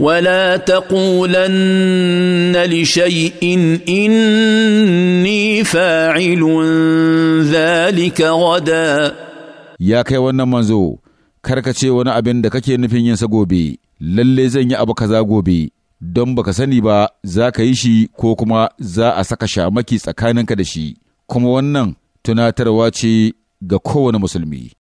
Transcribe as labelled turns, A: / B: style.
A: ولا تقولن لشيء إني فاعل ذلك غدا
B: يا كي wannan manzo karka ce wani abin da kake nufin yinsa gobe lalle zan yi abu kaza gobe don baka sani ba za ka yi shi ko kuma za a saka shamaki tsakaninka da shi kuma wannan tunatarwa ce ga kowane musulmi